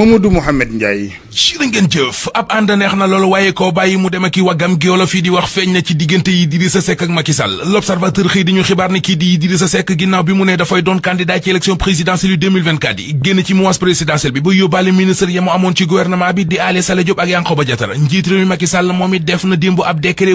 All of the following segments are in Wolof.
Mamadou Mouhamed Ndiaye jërë ngeen jëf ab ànd neex na loolu waaye koo bàyyi mu dem ak i waggam gi di wax feeñ na ci diggante yi Idrissa Seck ak Macky l'observateur xëy di xibaar ne kii di Idrissa Seck ginnaaw bi mu ne dafay doon candidat ci élection présidentielle yu 2024 génn ci mois présidentielle bi ba yóbbaale ministre ya mu amoon ci gouvernement bi di Aly Saleh ak Yankhoba Diattara njiit réew mi Macky moom it def na démb ab décret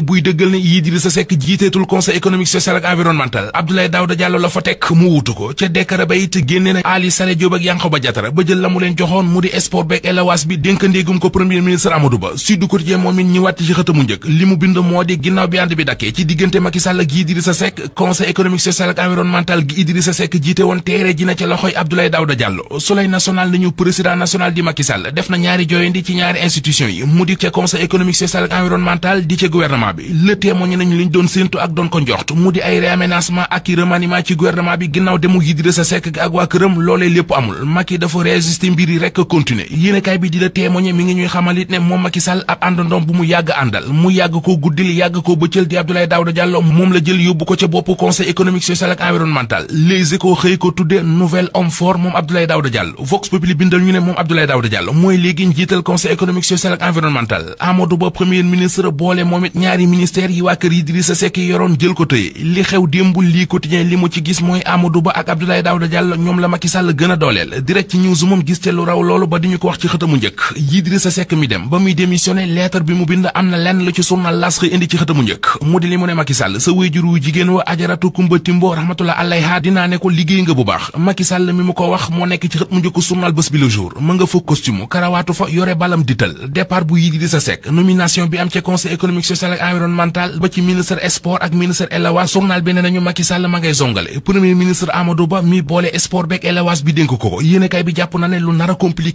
sport beeg élawage bi dénk ndéegum ko premier ministre Amadou Ba Sud Quotidien moom it ñi wàtt ci xëtamu njëkk li mu bind moo di ginnaaw bi ànd bi dakkee ci diggante Macky Sall ak Idrissa Seck conseil économique social ak environnemental gi Idrissa Seck jiite woon teere ji na ca loxoy Abdoulaye Daouda Diallo soleil national nañu président national di Macky Sall def na ñaari jooyandi ci ñaari institution yi mu di ca conseil économique social ak bi le témoigné i continuer yéenekaay bi di la mi ngi ñuy xamal it ne moom Macky Sall ab àndandoom bu mu yàgg àndal mu yàgg koo guddil yàgg koo bëccël di Abdoulaye Daouda Diallo moom la jël yóbbu ko a dooleel direct ci news moom gis te lu raw loolu Amadou Ba di ñu ko wax ci xëtamu njëkk Idrissa Seck mi dem ba muy démissionné lettre bi mu bind am na lenn lu ci journal L'As xëy indi ci xëtamu njëkk mu di li mu ne Macky Sall sa wéjur wu jigéen wa ajaratu Kumba Timbo rahmatullah alayha dinaa ne ko liggéey nga bu baax Macky Sall mi mu ko wax moo nekk ci xët mu njëkk journal Bës Bi Le Jour ma nga fa karawaatu fa yore balam dital départ bu Idrissa Seck nomination bi am ci conseil économique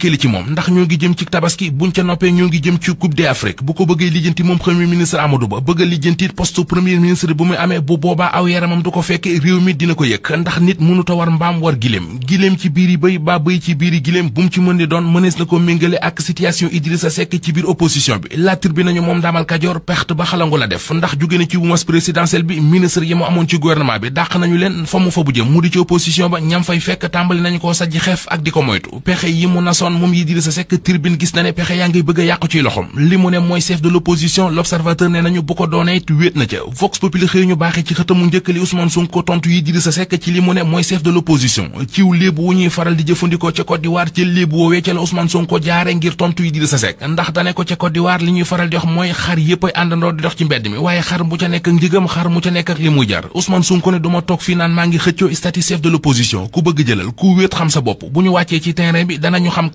a compliqué li ci moom ndax ñoo ngi jëm ci tabaski buñ ca noppee ñoo ngi jëm ci coupe d'Afrique bu ko bëggee lijjanti moom premier ministre Amadou Ba bëgg a lijjanti poste premier ministre bu muy amee bu boobaa aw yaramam du ko fekkee réew mi dina ko yëg ndax nit mënuta war mbaam war giléem giléem ci biiri bay ba bay ci biiri giléem bu mu ci mën di doon mënees na ko méngale ak situation Idrissa Seck ci biir opposition bi la tribune nañu moom daamal Kajoor perte ba xalangu la def ndax jóge na ci wumas présidentielle bi ministre yi mu amoon ci gouvernement bi dàq nañu leen fa mu fa bu jëm mu di ci opposition ba ñam fay fekk tàmbali ko kon moom Idrissa Seck tribune gis na ne pexe yaa ngi bëgg a yàqu ci loxom li mu ne mooy chef de l'opposition l'observateur ne nañu bu ko doonee it wéet na ca Vox Populi xëy ñu ci xëtamu njëkk li Ousmane Sonko tontu Idrissa Seck ci li mu ne mooy chef de l'opposition ciw léebu wu ñuy faral di jëfandikoo ca Côte d'Ivoire ca woowee ca la Ousmane Sonko jaare ngir tontu Idrissa Seck ndax dane ko ca Côte li ñuy faral di wax mooy xar yépp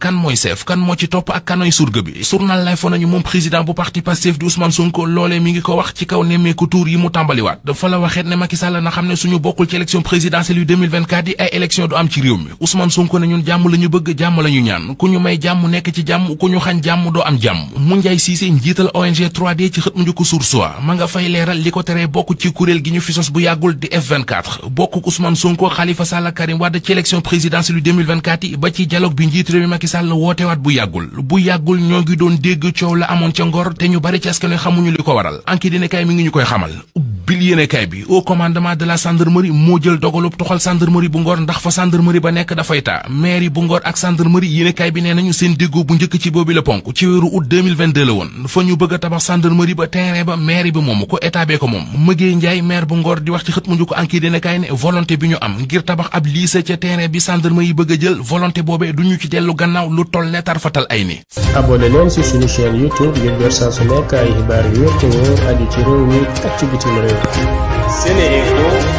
kan mooy chef kan moo ci topp ak kanoy surga bi journal lay nañu moom président bu parti Pastef di Ousmane Sonko loolee mi ngi ko wax ci kaw nemmeeku tuur yi mu tàmbaliwaat dafa la waxeet ne Macky Sall na xam ne suñu bokkul ci élection présidentielle yu yi ay élection du am ci réew mi Ousmane Sonko ne ñun jàmm la bëgg jàmm la ñaan ku ñu may jàmm nekk ci jàmm ku ñu xañ jàmm doo am jàmm mu njaay siisee njiital ONG 3D ci xët mu njëkk Source ma nga Sall wootewaat bu yàggul bu yàggul ñoo ngi doon dégg coow la amoon ca Ngor te ñu bari ci xamuñu li ko waral enquête dina mi ngi ñu koy xamal bil yéene bi au commandement de la gendarmerie moo jël dogalub toxal gendarmerie bu Ngor ndax fa gendarmerie ba nekk dafay taa mairie bu Ngor ak gendarmerie yéene bi nee nañu seen déggoo bu njëkk ci boobi la ponk ci weeru août fa ñu bëgg a tabax gendarmerie ba terrain ba mairie bi moomu ko état bee ko moom lu toll ne tarfatal ay ni abonné leen ci suñu chaîne youtube ngir door su nekk yu wér te wóor aju ci réew ci bitim réew